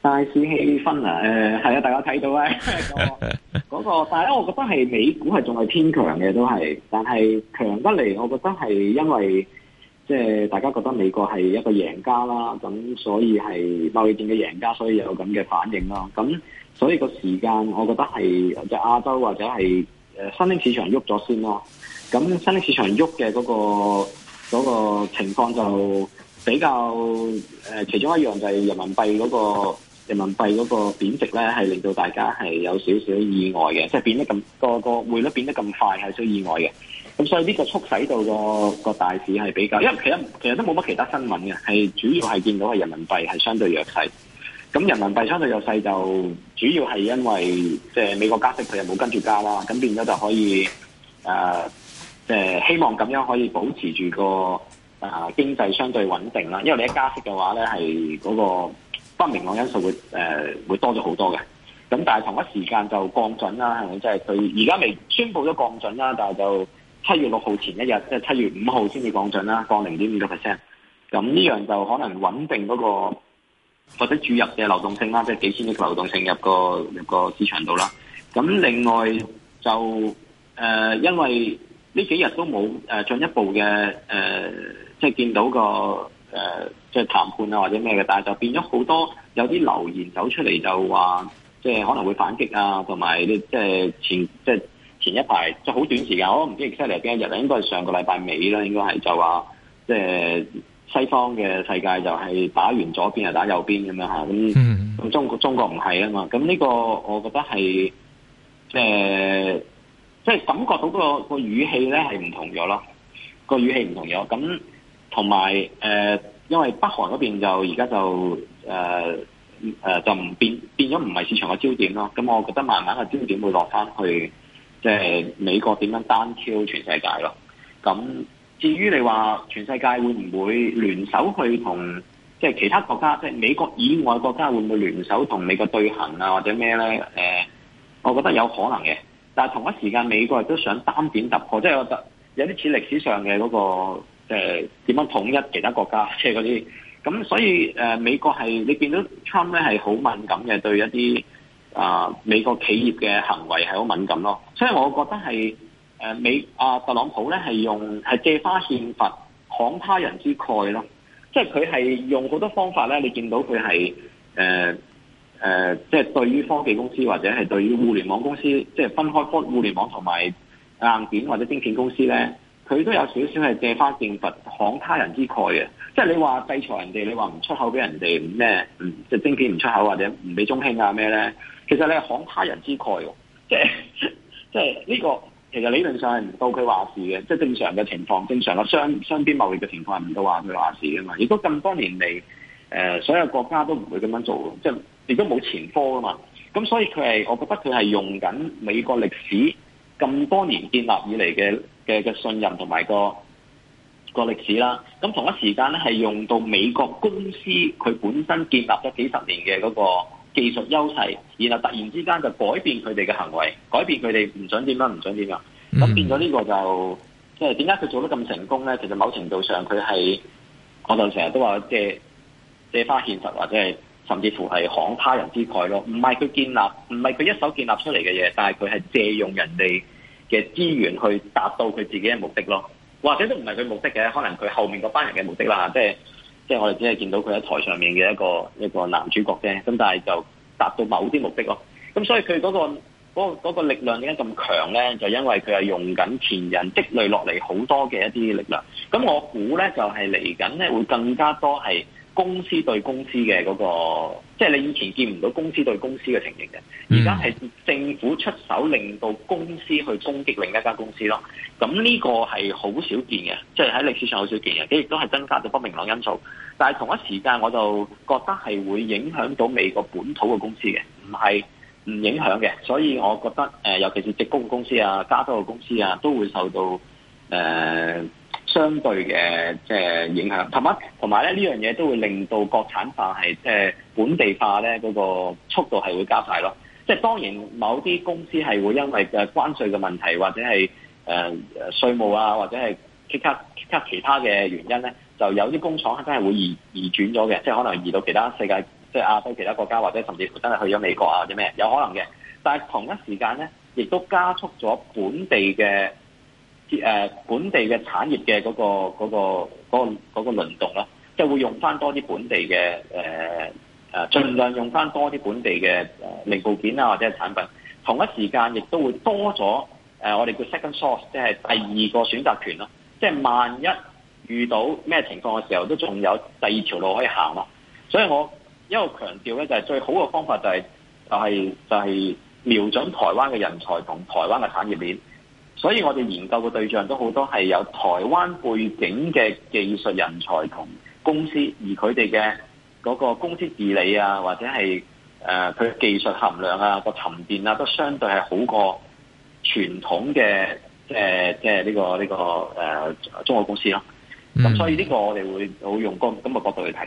大市氣氛啊，誒係啊，大家睇到啊， 嗰個但係我覺得係美股係仲係偏強嘅，都係，但係強得嚟，我覺得係因為即係大家覺得美國係一個贏家啦，咁所以係貿易戰嘅贏家，所以有咁嘅反應啦，咁所以嗰個時間，我覺得係就亞洲或者係誒新興市場喐咗先咯，咁新興市場喐嘅嗰個嗰個情況就比較誒、呃，其中一樣就係人民幣嗰個。人民幣嗰個貶值咧，係令到大家係有少少意外嘅，即係變得咁個個匯率變得咁快，係出意外嘅。咁所以呢個促使到個個大市係比較，因為其實其實都冇乜其他新聞嘅，係主要係見到係人民幣係相對弱勢。咁人民幣相對弱勢就主要係因為即係美國加息沒加，佢又冇跟住加啦，咁變咗就可以誒誒，呃、即希望咁樣可以保持住個啊經濟相對穩定啦。因為你一加息嘅話咧，係嗰、那個。不明朗因素會誒、呃、會多咗好多嘅。咁但係同一時間就降準啦，係咪即係佢而家未宣布咗降準啦，但係就七月六號前一，就是，日，即係七月五號先至降準啦，降零點五個 percent。咁呢樣就可能穩定嗰個或者注入嘅流動性啦，即，就，係，是，幾千億嘅流動性入個入個市場度啦。咁另外就誒、呃，因為呢幾日都冇誒進一步嘅誒，即，呃、係，就是、見到個。誒，即係談判啊，或者咩嘅，但係就變咗好多，有啲留言走出嚟，就話，即係可能會反擊啊，同埋即係前即係前一排即係好短時間，我唔記得出嚟邊一日啦，應該係上個禮拜尾啦，應該係就話，即係西方嘅世界就係打完左邊又打右邊咁樣吓，咁咁中國中國唔係啊嘛，咁呢個我覺得係即係即係感覺到個個語氣咧係唔同咗咯，個語氣唔同咗咁。同埋誒，因為北韓嗰邊就而家就誒、呃呃、就唔變變咗唔係市場嘅焦點咯。咁我覺得慢慢嘅焦點會落翻去，即係美國點樣單挑全世界咯。咁至於你話全世界會唔會聯手去同即係其他國家，即係美國以外國家會唔會聯手同美國對行啊或者咩咧？誒、呃，我覺得有可能嘅。但係同一時間，美國亦都想單點突破，即係我覺得有啲似歷史上嘅嗰個。誒，點樣統一其他國家，即係嗰啲，咁 所以，誒美國係你見到 Trump 咧，係好敏感嘅，對一啲啊美國企業嘅行為係好敏感咯，所以我覺得係誒美啊特朗普咧，係用係借花獻佛，慷他人之慨咯，即係佢係用好多方法咧，你見到佢係誒誒，即係對於科技公司或者係對於互聯網公司，即係分開科互聯網同埋硬件或者晶片公司咧。佢都有少少係借花獻佛，慷他人之慨嘅，即係你話制裁人哋，你話唔出口俾人哋，唔咩，唔即係貶值唔出口或者唔俾中興啊咩咧，其實你係慷他人之慨喎，即係即係、這、呢個其實理論上係唔到佢話事嘅，即係正常嘅情況，正常嘅雙，雙邊貿易嘅情況係唔到話佢話事噶嘛，亦都咁多年嚟、呃，所有國家都唔會咁樣做，即係亦都冇前科噶嘛，咁所以佢係，我覺得佢係用緊美國歷史。咁多年建立以嚟嘅嘅嘅信任同埋個個歷史啦，咁同一時間咧係用到美國公司佢本身建立咗幾十年嘅嗰個技術優勢，然後突然之間就改變佢哋嘅行為，改變佢哋唔想點樣唔想點樣，咁、mm hmm. 變咗呢個就即係點解佢做得咁成功咧？其實某程度上佢係，我哋成日都話借花現實或者係、就是。甚至乎係慷他人之慨咯，唔係佢建立，唔係佢一手建立出嚟嘅嘢，但係佢係借用人哋嘅資源去達到佢自己嘅目的咯。或者都唔係佢目的嘅，可能佢後面嗰班人嘅目的啦，即係即係我哋只係見到佢喺台上面嘅一個一個男主角啫。咁但係就達到某啲目的咯。咁所以佢嗰個嗰個嗰個力量點解咁強咧？就因為佢係用緊前人積累落嚟好多嘅一啲力量。咁我估咧就係嚟緊咧會更加多係。公司對公司嘅嗰、那個，即、就、係、是、你以前見唔到公司對公司嘅情形嘅，而家係政府出手令到公司去攻擊另一家公司咯。咁呢個係好少見嘅，即係喺歷史上好少見嘅，佢亦都係增加咗不明朗因素。但係同一時間，我就覺得係會影響到美國本土嘅公司嘅，唔係唔影響嘅。所以，我覺得、呃、尤其是職工公司啊、加州嘅公司啊，都會受到誒。呃相對嘅即係影響，同埋同埋咧呢樣嘢、這個、都會令到國產化係即係本地化咧嗰、那個速度係會加快咯。即係當然某啲公司係會因為嘅關稅嘅問題，或者係誒、呃、稅務啊，或者係其他其他其他嘅原因咧，就有啲工廠真係會移移轉咗嘅，即係可能移到其他世界，即係亞洲其他國家，或者甚至乎真係去咗美國啊，或者咩有可能嘅。但係同一時間咧，亦都加速咗本地嘅。啲誒本地嘅產業嘅嗰個嗰個嗰個嗰個輪動咯，即係會用翻多啲本地嘅誒誒，盡量用翻多啲本地嘅零部件啊或者係產品，同一時間亦都會多咗誒我哋叫 second source，即係第二個選擇權咯，即係萬一遇到咩情況嘅時候都仲有第二條路可以行啦。所以我一路強調咧，就係最好嘅方法就係就係就係瞄準台灣嘅人才同台灣嘅產業鏈。所以我哋研究嘅對象都好多係有台灣背景嘅技術人才同公司，而佢哋嘅嗰個公司治理啊，或者係誒佢技術含量啊、個沉澱啊，都相對係好過傳統嘅即係即係呢個呢、呢個誒、呃、中國公司咯。咁、嗯、所以呢個我哋會好用這個今日角度去睇。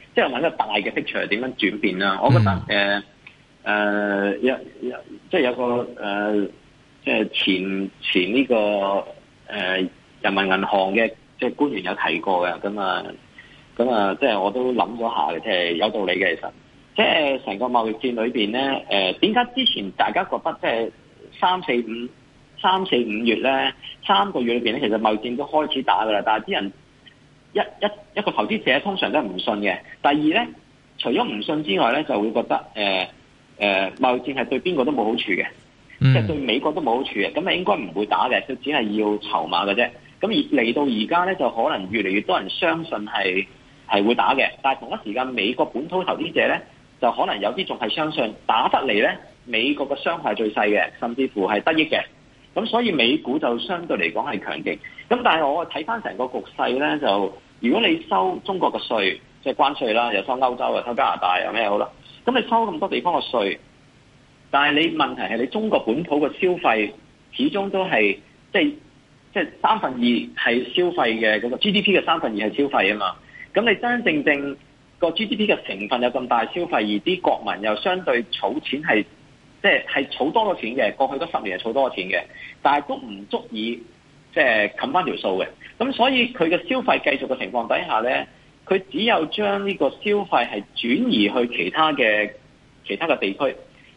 即係問一個大嘅 picture 點樣轉變啦，我覺得誒誒有有即係有個誒即係前前呢個誒人民銀行嘅即係官員有提過嘅咁啊咁啊，即係我都諗咗下嘅，即係有道理嘅。其實即係成個貿易戰裏邊咧，誒點解之前大家覺得即係三四五三四五月咧三個月裏邊咧，其實貿易戰都開始打噶啦，但係啲人。一一一個投資者通常都係唔信嘅。第二咧，除咗唔信之外咧，就會覺得誒誒，貿易戰係對邊個都冇好處嘅，即係、mm. 對美國都冇好處嘅，咁咪應該唔會打嘅，就只係要籌碼嘅啫。咁而嚟到而家咧，就可能越嚟越多人相信係係會打嘅。但係同一時間，美國本土投資者咧，就可能有啲仲係相信打得嚟咧，美國嘅傷害最細嘅，甚至乎係得益嘅。咁所以美股就相對嚟講係強勁。咁但係我睇翻成個局勢咧，就如果你收中國嘅稅，即係關稅啦，又收歐洲又收加拿大又咩好啦，咁你收咁多地方嘅稅，但係你問題係你中國本土嘅消費始終都係即係即係三分二係消費嘅嗰個 GDP 嘅三分二係消費啊嘛，咁你真真正正個 GDP 嘅成分有咁大消費，而啲國民又相對儲錢係即係係儲多咗錢嘅，過去嗰十年係儲多咗錢嘅，但係都唔足以。即係冚翻條數嘅，咁所以佢嘅消費繼續嘅情況底下咧，佢只有將呢個消費係轉移去其他嘅其他嘅地區，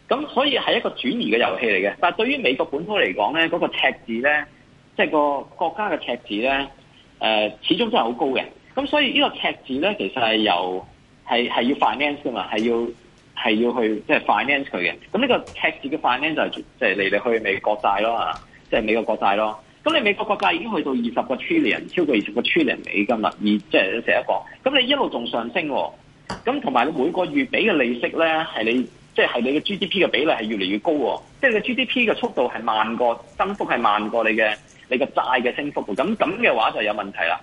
咁所以係一個轉移嘅遊戲嚟嘅。但係對於美國本土嚟講咧，嗰個赤字咧，即係個國家嘅赤字咧，誒始終真係好高嘅。咁所以呢個赤字咧，其實係由係係要 finance 㗎嘛，係要係要去即係 finance 佢嘅。咁呢個赤字嘅 finance 就係即係嚟嚟去美咪國債咯，即係美國國債咯。咁你美國國債已經去到二十個 trillion，超過二十個 trillion 美金啦，即係成一個。咁你一路仲上升喎、哦，咁同埋你每個月俾嘅利息咧，係你即係、係、你嘅 GDP 嘅比例係越嚟越高喎、哦，即係你嘅 GDP 嘅速度係慢過增幅係慢過你嘅你嘅債嘅升幅。咁咁嘅話就有問題啦。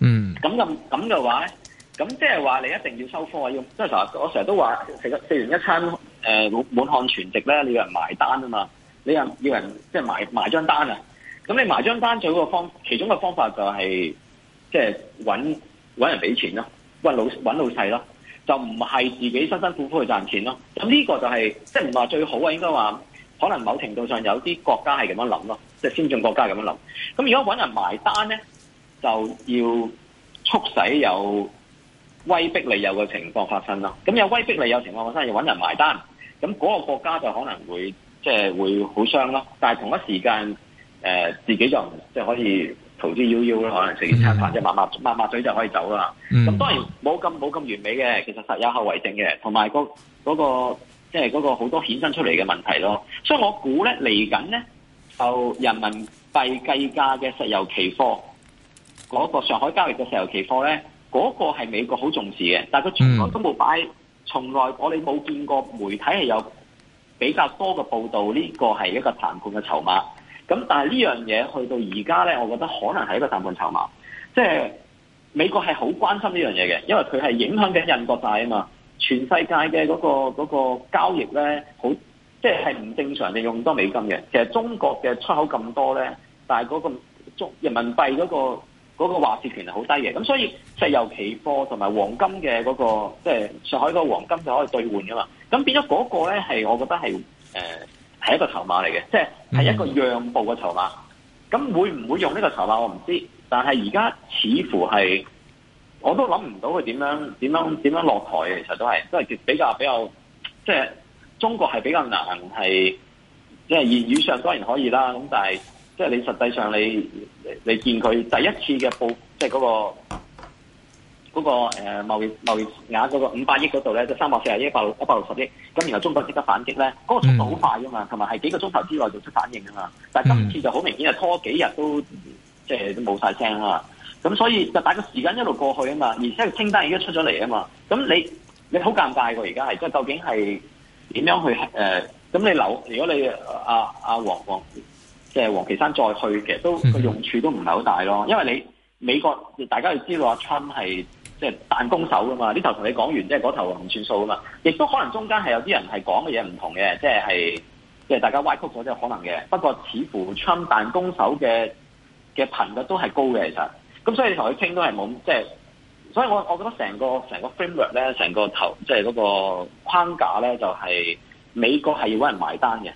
嗯，咁咁咁嘅話咧，咁即係話你一定要收科，啊，要即係成日我成日都話食食完一餐誒、呃、滿漢全席咧，你要人埋單啊嘛，你要人即係、即係、埋埋張單啊。咁你埋張單最好個方法，其中嘅方法就係即係揾揾人俾錢咯，揾老揾老細咯，就唔係自己辛辛苦苦去賺錢咯。咁呢個就係即係唔話最好啊，應該話可能某程度上有啲國家係咁樣諗咯，即係先進國家咁樣諗。咁如果揾人埋單咧，就要促使有威逼利誘嘅情況發生咯。咁有威逼利誘情況發生，要揾人埋單，咁嗰個國家就可能會即係會好傷咯。但係同一時間，誒、呃、自己就即係可以逃之夭夭啦，可能食完餐飯即抹抹抹抹嘴就可以走啦。咁、mm hmm. 當然冇咁冇咁完美嘅，其實實有後遺症嘅，同埋、那個嗰、那個即係嗰好多衍生出嚟嘅問題咯。所以我估咧嚟緊咧就人民幣計價嘅石油期貨嗰、那個上海交易嘅石油期貨咧，嗰、那個係美國好重視嘅，但係佢從來都冇擺，從來我哋冇見過媒體係有比較多嘅報導，呢、這個係一個談判嘅籌碼。咁但係呢樣嘢去到而家咧，我覺得可能係一個談判籌碼，即係美國係好關心呢樣嘢嘅，因為佢係影響緊印國債啊嘛，全世界嘅嗰個嗰個交易咧，好即係係唔正常嘅用咁多美金嘅。其實中國嘅出口咁多咧，但係嗰個中人民幣嗰個嗰個話事權係好低嘅，咁所以石油期貨同埋黃金嘅嗰個即係上海個黃金就可以兌換噶嘛，咁變咗嗰個咧係我覺得係誒係一個籌碼嚟嘅，即係係一個讓步嘅籌碼。咁會唔會用呢個籌碼，我唔知。但係而家似乎係，我都諗唔到佢點樣點樣點樣落台。其實都係，都係比較比較，即係中國係比較難係，即係言語上當然可以啦。咁但係，即係你實際上你你見佢第一次嘅報，即係嗰個。嗰、那個誒、呃、貿易貿易額嗰個五百億嗰度咧，就三百四十億、一百六一百六十億。咁然後中國即刻反擊咧，嗰、那個速度好快噶嘛，同埋係幾個鐘頭之內就出反應噶嘛。但係今次就好明顯係拖幾日都即係、嗯嗯嗯嗯、都冇晒聲啦。咁所以就大個時間一路過去啊嘛，而且清單已經出咗嚟啊嘛。咁你你好尷尬喎，而家係即係究竟係點樣去誒？咁、呃、你留，如果你阿阿黃黃即係王岐山再去嘅，都個用處都唔係好大咯。因為你美國大家要知道阿 Trump 係。即係彈弓手㗎嘛？呢頭同你講完，即係嗰頭唔算數啊嘛！亦都可能中間係有啲人係講嘅嘢唔同嘅，即係係即係大家歪曲咗，即係可能嘅。不過似乎 Trump 彈弓手嘅嘅頻率都係高嘅，其實咁所以你同佢傾都係冇即係。所以我我覺得成個成個 framework 咧，成個頭即係嗰個框架咧，就係、是、美國係要揾人埋單嘅。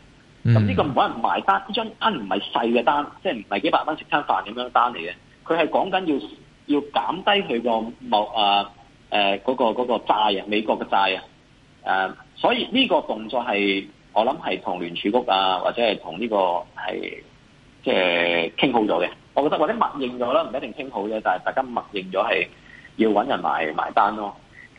咁呢、mm hmm. 個唔揾人埋單，呢張單唔係細嘅單，即係唔係幾百蚊食餐飯咁樣單嚟嘅。佢係講緊要。要減低佢個、啊啊啊嗰個冇啊誒嗰個嗰個債啊美國嘅債啊誒，所以呢個動作係我諗係同聯儲局啊或者係同呢個係即係傾好咗嘅，我覺得或者默認咗啦，唔一定傾好啫，但係大家默認咗係要揾人埋埋單咯、哦。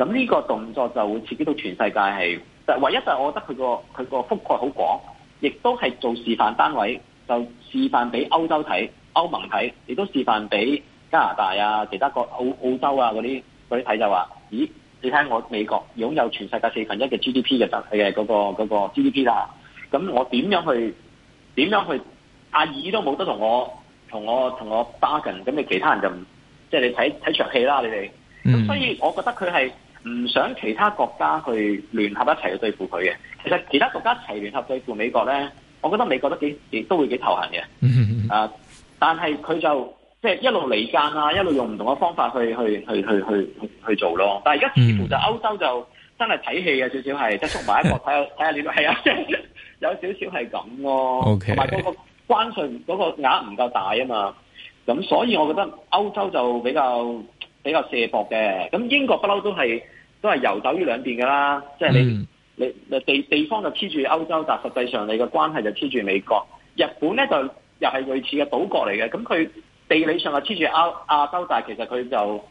咁呢個動作就會刺激到全世界係，但、就係、唯一就係我覺得佢個佢個覆蓋好廣，亦都係做示範單位，就示範俾歐洲睇、歐盟睇，亦都示範俾加拿大啊，其他國澳澳洲啊嗰啲啲睇就話，咦，你睇我美國擁有全世界四分一嘅 GDP 嘅質嘅、那、嗰個 GDP 啦，咁、那個、我點樣去點樣去？阿爾都冇得同我同我同我 bargain，咁你其他人就唔即係你睇睇場戲啦，你哋。咁所以我覺得佢係唔想其他國家去聯合一齊去對付佢嘅。其實其他國家一齊聯合對付美國咧，我覺得美國都幾都會幾頭痕嘅。 啊，但係佢就。即係一路離間啦、啊，一路用唔同嘅方法去去去去去去做咯。但係而家似乎就歐洲就真係睇戲嘅，嗯、少少，係即係同埋一個睇下睇下嚟，係啊，有少少係咁咯。同埋嗰個關稅嗰，嗰個額唔夠大啊嘛。咁所以我覺得歐洲就比較比較卸薄嘅。咁英國不嬲都係都係游走於兩邊㗎啦。即、就、係、是、你、嗯、你地地方就黐住歐洲，但實際上你嘅關係就黐住美國。日本咧就又係類似嘅島國嚟嘅，咁佢。地理上又黐住亞亞洲，但係其實佢就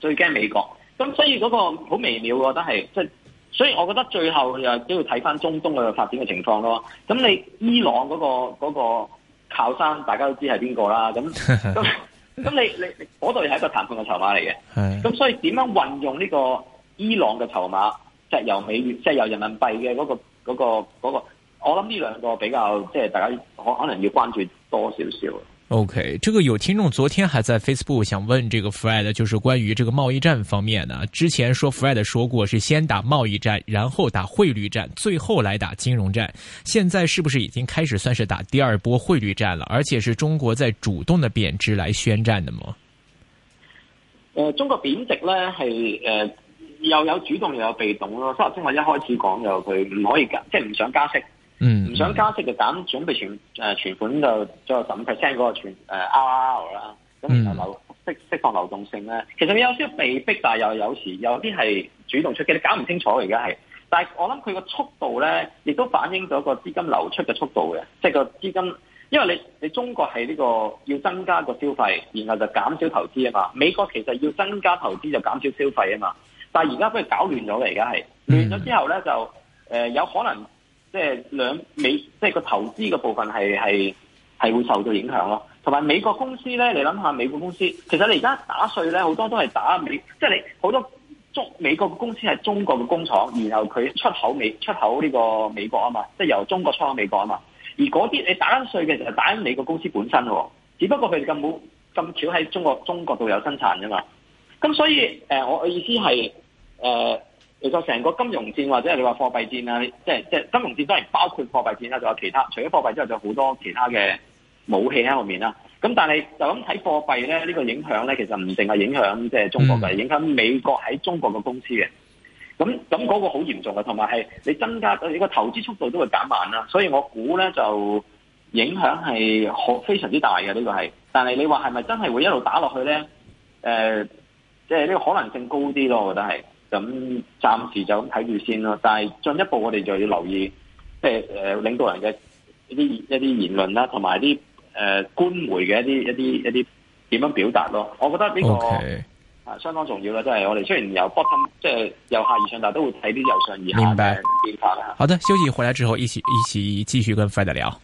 最驚美國咁，所以嗰個好微妙，我都係即係。所以，我覺得最後又都要睇翻中東嘅發展嘅情況咯。咁你伊朗嗰個嗰個靠山，大家都知係邊個啦。咁咁咁，你你嗰度又係一個談判嘅籌碼嚟嘅。係咁，所以點樣運用呢個伊朗嘅籌碼，石油美元即係由人民幣嘅嗰個嗰個嗰個，我諗呢兩個比較即係大家可可能要關注多少少。OK，這個有聽眾昨天還在 Facebook 想問這個 Fred，就是關於這個貿易戰方面呢、啊、之前說 Fred 說過是先打貿易戰，然後打匯率戰，最後來打金融戰。現在是不是已經開始算是打第二波匯率戰了？而且是中國在主動的貶值來宣戰的嗎？呃，中國貶值呢是呃又有主動又有被動咯。收入先我一開始講，就佢唔可以加，即係唔想加息。想加息就減，準備存存、呃、款就再十五 percent 嗰個存誒 RRR 啦。咁、嗯、然後流釋釋放流動性咧，其實你有少少被迫，但係又有時有啲係主動出擊，你搞唔清楚而家係。但係我諗佢個速度咧，亦都反映咗個資金流出嘅速度嘅，即係個資金，因為你你中國係呢、這個要增加個消費，然後就減少投資啊嘛。美國其實要增加投資就減少消費啊嘛。但係而家畀佢搞亂咗嚟，而家係亂咗之後咧就誒、呃、有可能。即係兩美，即係個投資嘅部分係係係會受到影響咯。同埋美國公司咧，你諗下，美國公司其實你而家打稅咧，好多都係打美，即係你好多中美國嘅公司係中國嘅工廠，然後佢出口美出口呢個美國啊嘛，即係由中國出口美國啊嘛。而嗰啲你打稅嘅就係打緊美國公司本身、哦、只不過佢哋咁冇咁巧喺中國中國度有生產啫嘛。咁所以誒、呃，我嘅意思係誒。呃其實成個金融戰或者係你話貨幣戰啊，即係即係金融戰都係包括貨幣戰啦，仲有其他除咗貨幣之外，仲有好多其他嘅武器喺後面啦。咁但係就咁睇貨幣咧，呢、這個影響咧，其實唔淨係影響即係中國嘅，就是、影響美國喺中國嘅公司嘅。咁咁嗰個好嚴重嘅，同埋係你增加咗你個投資速度都會減慢啦。所以我估咧就影響係好非常之大嘅呢、這個係。但係你話係咪真係會一路打落去咧？誒、呃，即係呢個可能性高啲咯，我覺得係。咁暫時就咁睇住先咯，但係進一步我哋就要留意，即係誒領導人嘅一啲一啲言論啦，同埋啲誒官媒嘅一啲一啲一啲點樣表達咯。我覺得呢個啊相當重要啦，即係 Okay. 我哋雖然由 bottom 即係由下而上，但係都會睇啲由上而下嘅變化。明白。好的，休息回來之後一，一起一起繼續跟 Fred 聊。